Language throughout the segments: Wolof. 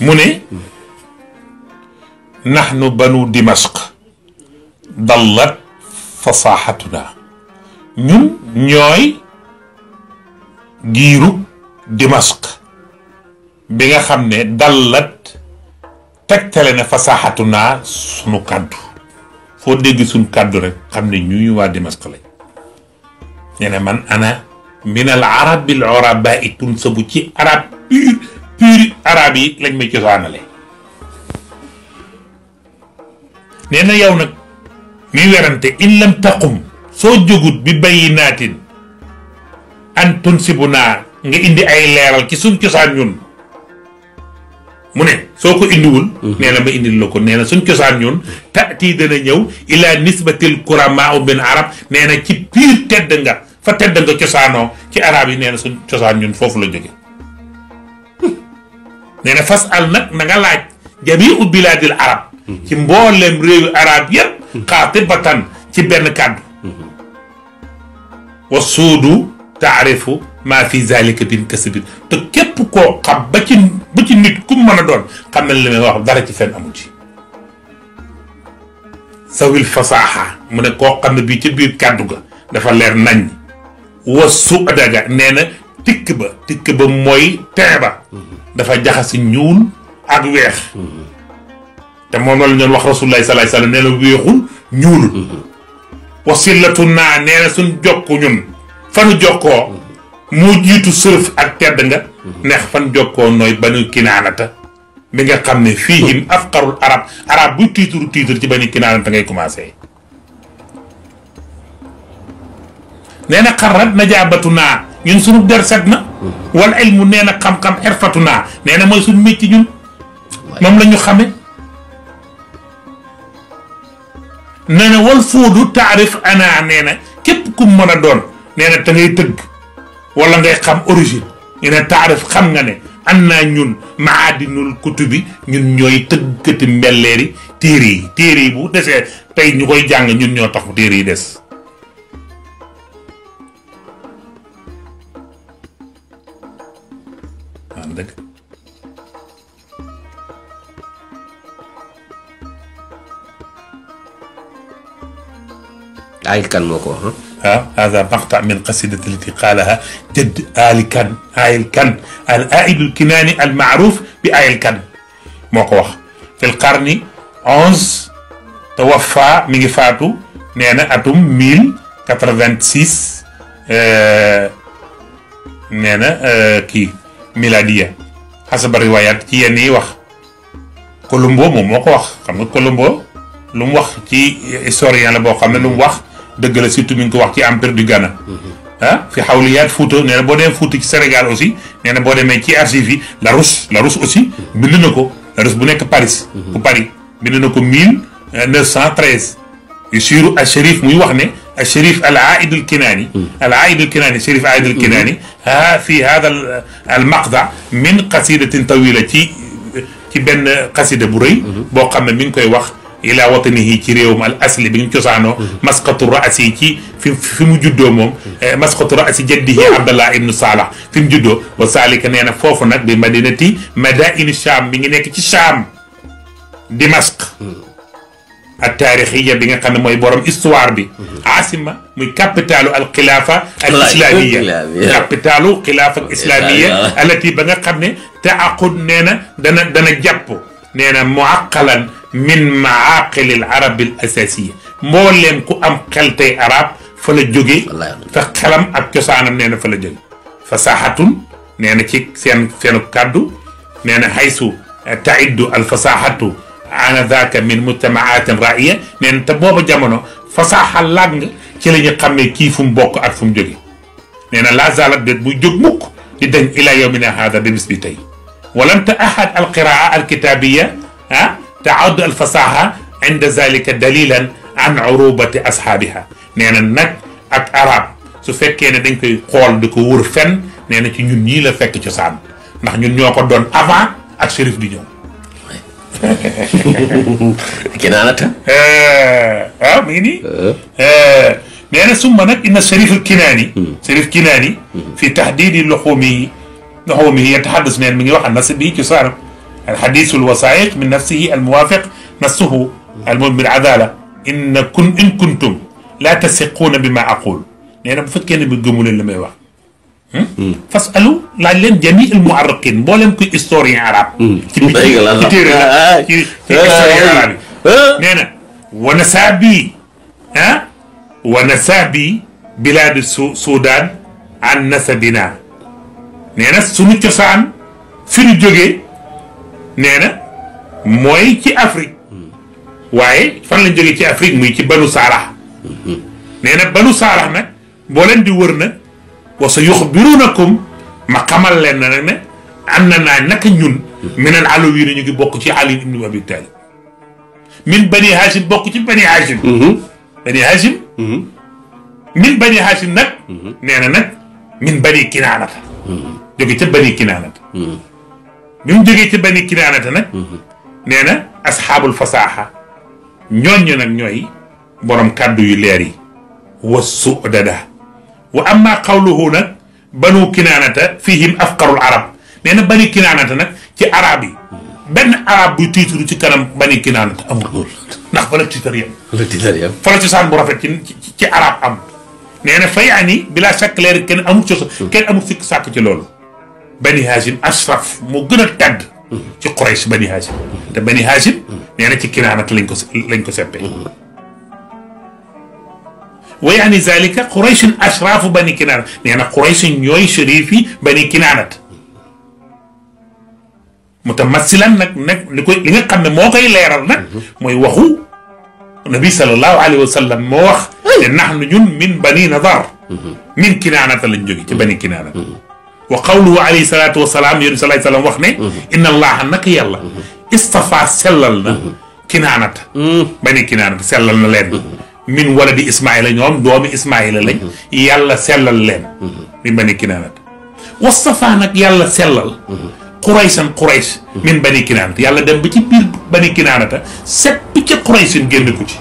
mu ne naxnu banu dimashq dallat fasaaxatuna ñun ñooy giiru dimask bi nga xam ne dallat tegtale na fasaaxatuna sunu kàddu foo dégg suñ kàddu rek xam ne ñuy waa dimashq lañ nee na man ana min al arabi al urabai tunsabu ci arab pur arabe yi lañ may cosaanale nee na yow nag muy werante in lam taqum soo jógut bi bayi naatin an tunsibu naa nga indi ay leeral ci suñ cosaan ñun mu ne soo ko indiwul mhm. nee na ma indil la ko nee na suñ cosaan ñun tati dana ñëw ila nisbatil kurama u bin arab nee na ci piir tedd nga fa tedd nga cosaanoo ci arab yi nee suñ cosaan ñun foofu la jóge nee na fas al nag na nga laaj jamiu bilaadil arab ci mboolem réewi arab ci benn kàddu wa suudu taarifu maa fi zalika bin kasbin te képp ko xam ba ci nit ku mën doon xam ne wax dara ci fenn amu ci sawil fasaaxa mu ne koo xam bii ci biir kàddu ga dafa leer nañ wa su daga nee na mooy teen dafa jaxasi ñuul ak weex te moom la ñu doon wax rasulullah sallallahu alayhi wasallam nee na weexul ñuulul wasilatu naa nee na suñ jokku ñun fanu jokkoo moo jiitu sërëf ak tedd nga neex fan jokkoo nooy banu kinaanata mi nga xam ne fiihim afqarul arab arab buy tiituru tiitur ci banu kinaanata ngay commencé nee na xarrat najaabatu naa ñun sunu der set na. wal ilmu nee na xam-xam erfatu naa nee na mooy suñu métti ñun. moom la ñu xame nee na wal fóodu taarif ana nee na képp ku mën a doon nee na te ngay tëgg wala ngay xam origine nee na xam nga ne an naa ñun maadinul kutubi ñun ñooy tëggati mbelleeri téere yi téere yi bu desee tey ñu koy jàng ñun ñoo tax téere yi des aayil kan moo ko wax ah hada maqta min qasidati allati qaalaha jëdd aali kan aayil kan al aaidu kinaani al maaruf bi aayil kan moo ko wax fil qarni onze tawaffa mi ngi faatu nee na atum mille quatre vingt six euh, nee na euh, kii miladiya xasaba riwayat ci yenn yi wax Colombo moom moo ko wax xam nga Colombo lu mu wax ci historien la boo xam ne lu mu wax dëgg la surtout mi ngi ko wax ci empire du Ghana. ah fi xawliyaat Fouta nee na boo demee Fouta ci Sénégal aussi nee na boo demee ci archives yi la Rousse la Rousse aussi bind na ko la Rousse bu nekk Paris. bu Paris bind na ko mille euh, neuf cent treize. suuru al Chérif muy wax ne al Chérif al Aïd al Kinaani. al Aïd al Kinaani Chérif Aïd al Kinaani. Mm-hmm. ah fii haada euh, al maqda min qasidatin tawila ci ci benn qasida bu rëy. Mm-hmm. boo xam ne mi ngi koy wax. ila watanihi ci réewam al asli bi ñu cosaanoo mm-hmm. masqatu raasi ci fi fi mu juddoo moom mm-hmm. eh, masqatu raasi jaddihi abdallah ibnu salah fi mu juddoo wa salika nee na foofu nag bi madinati madaini cham bi ngi nekk ci cham dimasq mm-hmm. ak taarixiya bi nga xam ne mooy borom histoire bi asima muy capitalu al xilaafa al islamiya capitalu xilaafa al islamiya alati ba nga xam ne taaqud nee na dana dana jàpp nee na muaqalan min maaqilil arabil asasiya mbooleem ku am xel tey arab fa la jóge te xelam ak cosaanam nee na fa la jóge fasahatun nee na ci seen seenu kàddu nee na haysu taiddu alfasahatu ana daka min mujtamaatin raia nee na te booba jamono fasaha làng ci la ñu xammee kii fu mu bokk ak fu mu jóge nee na laa zalat déet buy jóg mukk di dañ ila yowmina hada ba bis bi tey walanta ahad alqiraa alkitabiya ah taaddu alfasaha inda zalika dalilan an urubati ashaabiha nee na nag ak arab su fekkee ne dañ koy xool di ko wër fen nee na ci ñun ñii la fekk cosaan ndax ñun ñoo ko doon avant ak shérif di ñëw kinaanata eh, waaw mu ngi nii eh. Eh, nee na summa nag inna shérif hmm. kinaani shérif hmm. kinaani fi tahdidi luxumihi luxumihi yataxaddas neen mi ngi wax an nasab bi cosaanam الحديث الوثائق من نفسه الموافق نصه المؤمن بالعداله إن كن إن كنتم لا تثقون بما أقول nee na bu fekkee ne bi gëmu leen li may wax. fas alu laaj leen jami il muarriqin mboolem kuy historien arabe. ci biir ci téere la ci ci historien arabe yi. nee na wana saa bii ah wana saa bii bilaadi su Soudan an nasabina nee na sunu cosaan fi ñu jógee. nee na mooy ci Afrique waaye fan lañ jógee ci Afrique muy ci banu saarax nee na banu saarax nag boo leen di wër na wa sa yuxbirunakum ma xamal leen na nag ne am na naa naka ñun minal alawiin ñu ngi bokk ci Ali ibnu min bani Hashim bokk ci bani Hashim bani Hashim min bani Hashim nag nee na nag min bani ca bani kinaanata bi mu jógee ci benn kinaanata nag mhm. nee na asxaabul fasaaxa ñooñu nag ñooy borom kàddu yu leer yi wa sudada wa amma qawluhu nag banu kinaanata fihim afqarul arab nee na bani kinaanata nag ci arab yi mhm. benn arab buy tiitaru ci kanam bani kinaanata amul ndax fa la tiitar yam fa la cosaan bu rafet ci ci arab am nee na fa yaani bila shakk leer kenn amul cosaan hmm. kenn amul sikk sàkk ci loolu bani haashim ashraf moo gën a tedd ci Quraysh bani haashim te bani haashim nee na ci kinaanak lañ ko lañ ko seppee wa yaani zalika qurayshun ashraafu bani kinaanat nee na qurayshun ñooy shérif yi bani kinaanat mutamassilan nag nag li koy li nga xam ne moo koy leeral nag mooy waxu nabi sallallahu alayhi wa sallam moo wax te naxnu ñun min bani nadar min kinaanata lañ jóge ci bani kinaanat wa qawluhu alayhi salaatu wa salaam yéen salaay salaam wax ne. Mhm. inna allaha naka yàlla. Mhm. istafa sellal na. Mhm. kinaanata. ba ne kinaanata sellal na leen. min waladi Ismaayila ñoom doomi Ismaayila lañ. yàlla sellal leen. min bani kinaanata. wastafa nag yàlla sellal. quraysan qurays. min bani kinaanata yàlla dem ba ci biir bani kinaanata sepp ca quraysin génn ko ci.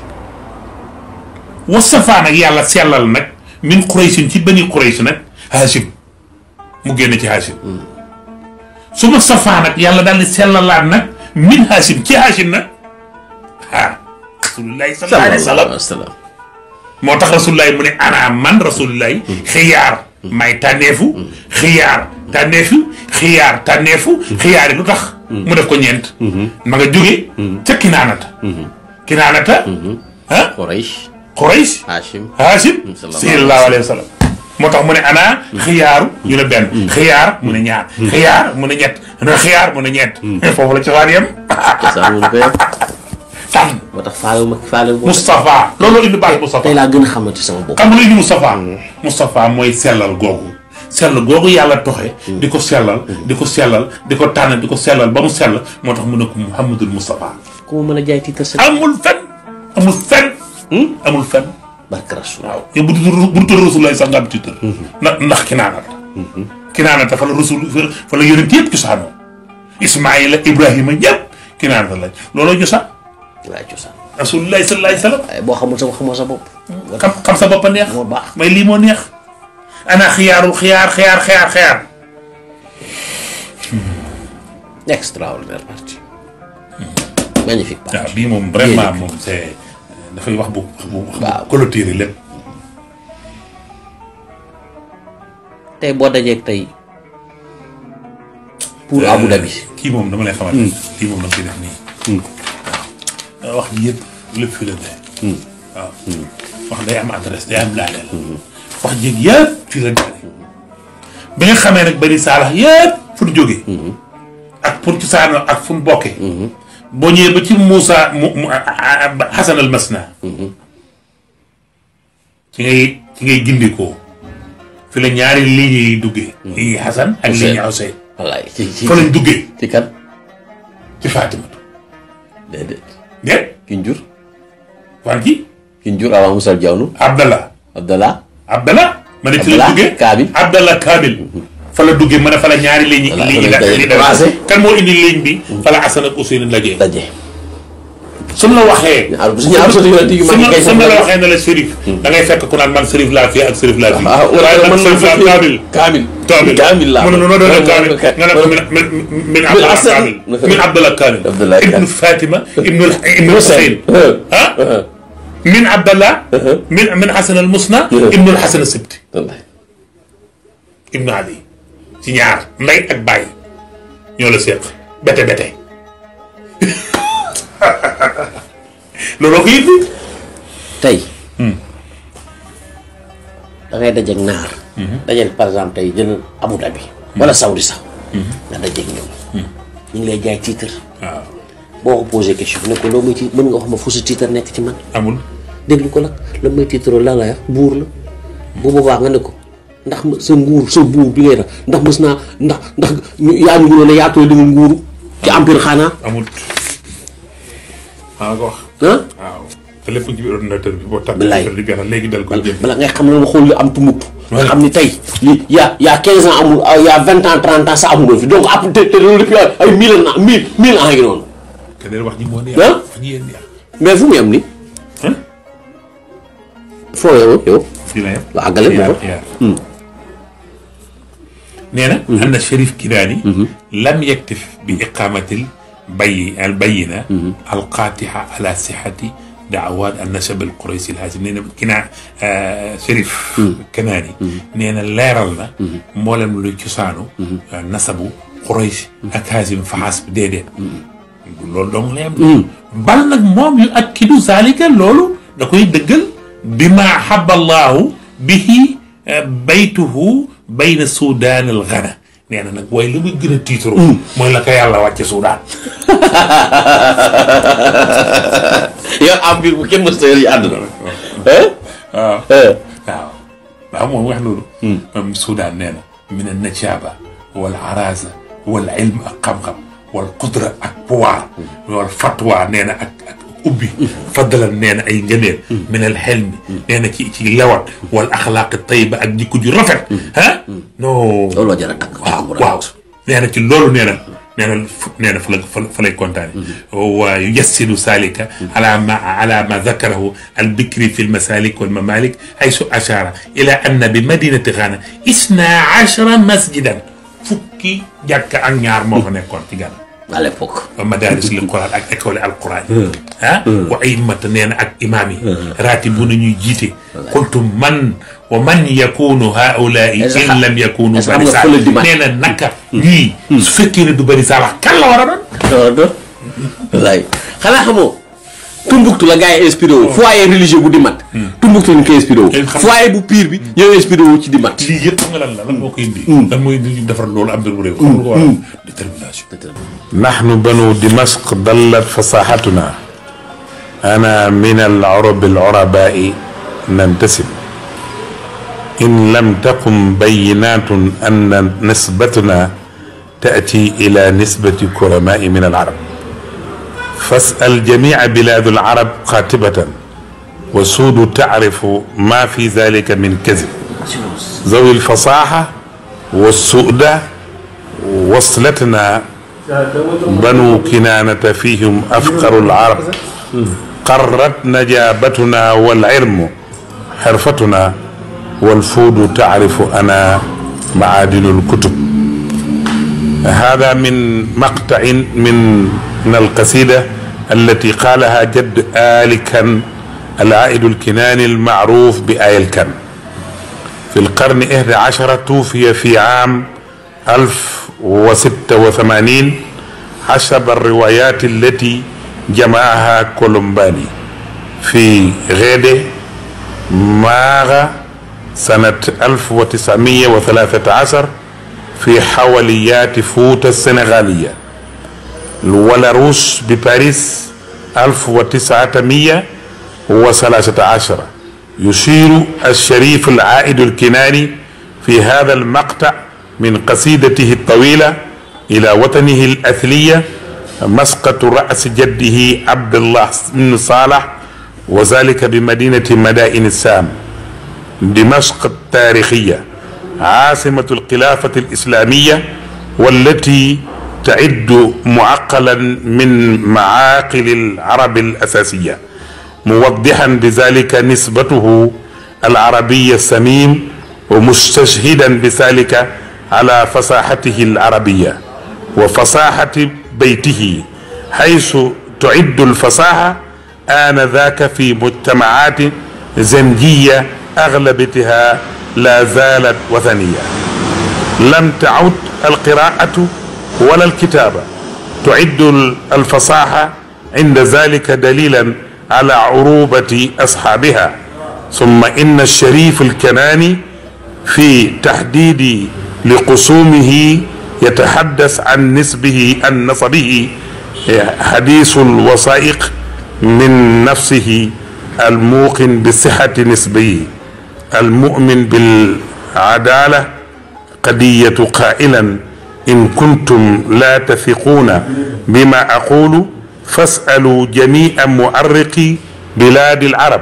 wastafa nag yàlla sellal nag min quraysin ci bani qurays nag haashim mu génn ci Hachim. su ma safaa nag yàlla daal di sellalaat nag min Hachim ci Hachim nag ah. rasulillahi sallallahu alayhi wa sallam moo tax rasulillahi mu ne ana man rasulillahi xiyaar may tànneefu. xiyaar tànneefu xiyaar tànneefu. xiyaar yi lu tax. mu def ko ñeent. ma nga jóge. ca Kinaanata. Kinaanata. ah Quraysh. Quraysh. Hachim Hachim. Mm-hmm. sallallahu alayhi wa sallam. moo tax mu ne ana xiyaaru ñu ne benn mm. xiyaar mu ne ñaar mm. xiyaar mu ne ñett na xiyaar mu ne ñeent mm. foofu la cosaan yem tànn moo tax faale ma faale Moustapha loolu indi baat Moustapha tey laa gën a xamante sama bopp xam nga lu indi Moustapha Moustapha mooy sellal googu sell googu yàlla toxe di ko sellal di ko sellal di ko tànn di ko sellal ba mu sell moo tax mu ne ko Mouhamadul Moustapha ku ma mën a jaay tiitar amul fen amul fen hmm? amul fen barke rasul waaw yow bu tudd bu tudd rasul lay sax nga am titre mhm. na ndax kinaana la mhm. kinaana ta fa la rasul fa la yonent yëpp cosaanoo ismaila ibrahima ñëpp kinaana la looloo cosaan laay cosaan rasulullah sallallahu alayhi wasallam boo xamul sa xamoo sa bopp xam xam sa bopp a neex moo baax may lii moo neex ana xiyaaru xiyaar xiyaar xiyaar xiyaar hmm. extraordinaire partie magnifique partie waaw ah, bii moom vraiment moom c'est dafay wax bu wax bu waaw clôturer lépp tey boo dajeeg tey pour euh, Abu Dhabi kii moom dama lay xamal hmm. kii moom dama koy def nii waaw hmm. euh, wax ji yëpp lépp fi la ne hmm. wax day am adresse day am laaleel wax jéeg yëpp fii la daale bi nga xamee nag bari saalax yëpp fu ñu jógee ak pour ci saano ak fu ñu bokkee boo ñëwee ba ci Moussa mu mu al Masna mhm. ci ngay ci ngay gindikoo fi la ñaari lignes yi duggee. Mhm. ligne Xasan ak ligne Ousseyn. wallaay ci ci fa lañ duggee. ci kan ci Fatimatu. déedéet. déet. kiñ jur. fan ki. kiñ jur avant Moussa Diawlu. Abdallah. Abdallah. ma ne ci duggee Kaabil Abdallah Kaabil. Mhm. fa la duggee mën a fa la ñaari ligne ligne yi daje kan moo indi ligne bi fa la Assane ak Ousseynou daje suñ la waxee suñ la waxee ne la Chérif da ngay fekk ku naan man Chérif laa fii ak Chérif laa fii ah, waaye man Chérif laa kaamil kaamil kaamil kaamil laa mën na doon kaamil nga ne ko min min Abdallah kaamil min Abdallah kaamil ibnu Fatima ibnu ibnu Husayn ah min Abdallah min min Hasan al Musna ibnu Hasan al Sibti ibnu Ali ci ñaar ndey ak bàyyi ñoo la séq bete bete looloo ko yittu tey hmm. da ngay dajeek naar hmm. dajeel par exemple tey jël Abu Dhabi wala hmm. Saudi sax nga dajeek ñoom ñu ngi lay jaay titre waaw boo ko posé question ne loo muy ci mën nga wax ma fu sa titre nekk ci man amul déglu ko nag la may titre la la buur la bu baax nga ne ko ndax sa nguur sa buur bi ngay def ndax mës naa ndax ndax yaa nguuroo ne yaa tooy di nga nguuru. ci empire xanaa. bi boo tàmbali. bilaay léegi dal ko bala ngay xam loolu xool lu am tumut. nga xam ni tey li y'a y'a quinze ans amul ah, y'a vingt ans trente ans sax amuloo fi donc ab ah, te te loolu depuis ay mille ans mille ans ngi noonu. te wax ni moo neex. ah mais fu mu yem nii. foo yow yow. fii la yem waaw nee na mhm. anna sharif kiraani mhm. lam yaktif bi iqaamatil bayi al bayina mhm. al qaatiha ala sihati daawaat an nasab al quraysi al haasim nee na kinaa sharif eh, kanaani nee na leeral na mboolem luy cosaanu eh, nasabu quraysi ak haasim faxas bi déedéet loolu dong la yam bal nag moom yu akkidu zalika loolu da koy dëggal bima haballaahu bihi eh, baytuhu bayna suudaanil xana nee na nag waaye li muy gën a tiitaru mm. mooy la ko yàlla wàcce suudaan yow am bi bu kenn mës ta yor yi àdduna waaw eh? Eh? waaw waaw moom wax loolu mm. moom suudaan nee na min a nacaaba wal araasa wal ilm ak xam-xam wal qudra ak pouvoir mm. wal fatwa nee na ak ak ubbi faddalal nee na ay ngëneel minal xelmi nee na ci ci lewat wal axlaaqi tayiba ak jikko ju rafet ah non looloo jar a takk waaw waaw nee na ci loolu nee na nee na nee na fa la fa lay kontaane mhm. wa yujassidu salika ala ma ala ma dakarahu albikri fi lmasalik walmamalik haysu ashara ila anna bi madinati xaana isna ashara masjidan fukki jàkka ak ñaar moo fa nekkoon ci gànnaar à l'époque madaaris al quran ak école al quran hmm. ah hmm. wa aimata nee na ak imaam yi hmm. raati bu nañuy jiite kuntu man wa man yakunu haulaai in lam yakunu barisa nee na naka ñii su fekkee ne du barisa wax kan la war a doon war a doon wallaay xanaa xamoo Tumbuktu la gars yi inspiré wu foyer religieux bu di mat mbuxtoon ki inspiré wu foyer bu pire bi ñoo hmm. inspiré wu ci di mat lii yëpp xam nga lan la lan moo koy indi hmm. lan mooy indi defar loolu am bu réew xam nga ko waral hmm. détermination nahnu banu dimashq dallat fasahatuna ana min al arab al arabai nantasib in lam taqum bayinatun anna nisbatuna تأتي إلى نسبة كرماء من العرب فاسأل جميع بلاد العرب قاتبة wa suudu taarifu ma fi zalika min kazib zawi lfasaha wa suuda waslatna banu kinaanata fihim afqaru larab qarrat najabatuna walilmu xirfatuna walfuudu taarifu ana maadinu lkutub hada min maqtain min alqasida allati qalaha jadd alikan العائد الكناني المعروف بآيل كم في القرن إحدى عشر توفي في عام 1086 حسب الروايات التي جمعها كولومباني في غيدة ماغا سنة 1913 في حوليات فوتا السنغالية الولاروس بباريس 1900 huwa salaasata ashara yusiiru alsharif alaaidu alkinaani fi hada almaqta min qasidatihi altawila ila watanihi alathliya masqatu rasi jaddihi abdullah ibnu salah wa zalika bi madinati madaini sam دمشق التاريخية عاصمة الخلافة الإسلامية والتي تعد معقلا من معاقل العرب الأساسية muwaddihan bi zalika nisbatuhu al arabiya samim wa mustashhidan bi zalika ala fasahatihi al arabiya wa fasahati baytihi haythu tuiddu al fasaha anadaka fi mujtamaat zanjiya aglabatiha la zalat wathaniya lam taud al qiraatu wala al kitaba tuiddu al fasaha inda zalika dalilan على عروبة أصحابها ثم إن الشريف الكناني في تحديد لقسومه يتحدث عن نسبه عن نصبه حديث الوثائق من نفسه الموقن بصحة نسبه المؤمن بالعدالة قدية قائلا إن كنتم لا تثقون بما أقول fasalu jamia muarriqi biladi larab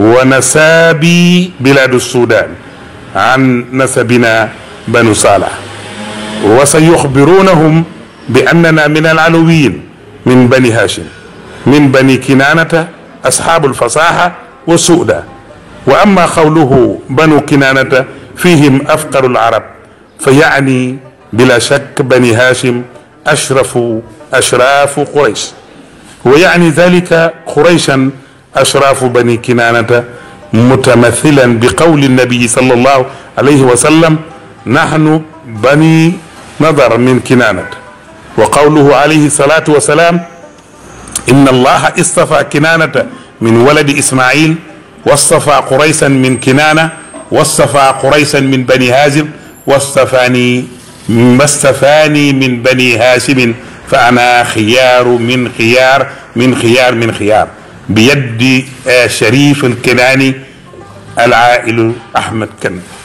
wa nasaabi biladu sudan an nasabina banu salah wa sa yuxbirunahum bi annana min alalawiyin min bani hashim min bani kinaanata asxaabu alfasaxa wa suuda wa amma qawluhu banu kinaanata fihim afqaru alarab fa yaani bila shakk bani hashim ashrafu ashraafu quraysh ويعني ذلك قريشا أشراف بني كنانة متمثلا بقول النبي صلى الله عليه وسلم نحن بني نضر من كنانة وقوله عليه الصلاة والسلام إن الله اصطفى كنانة من ولد إسماعيل واصطفى قريشا من كنانة واصطفى قريشا من بني هازم واصطفاني ما استفاني من بني هاشم fa ana xiyaaru min xiyaar min xiyaar min xiyaar bi yaddi Cherif eh, al Kenani al Ailu Ahmed Kane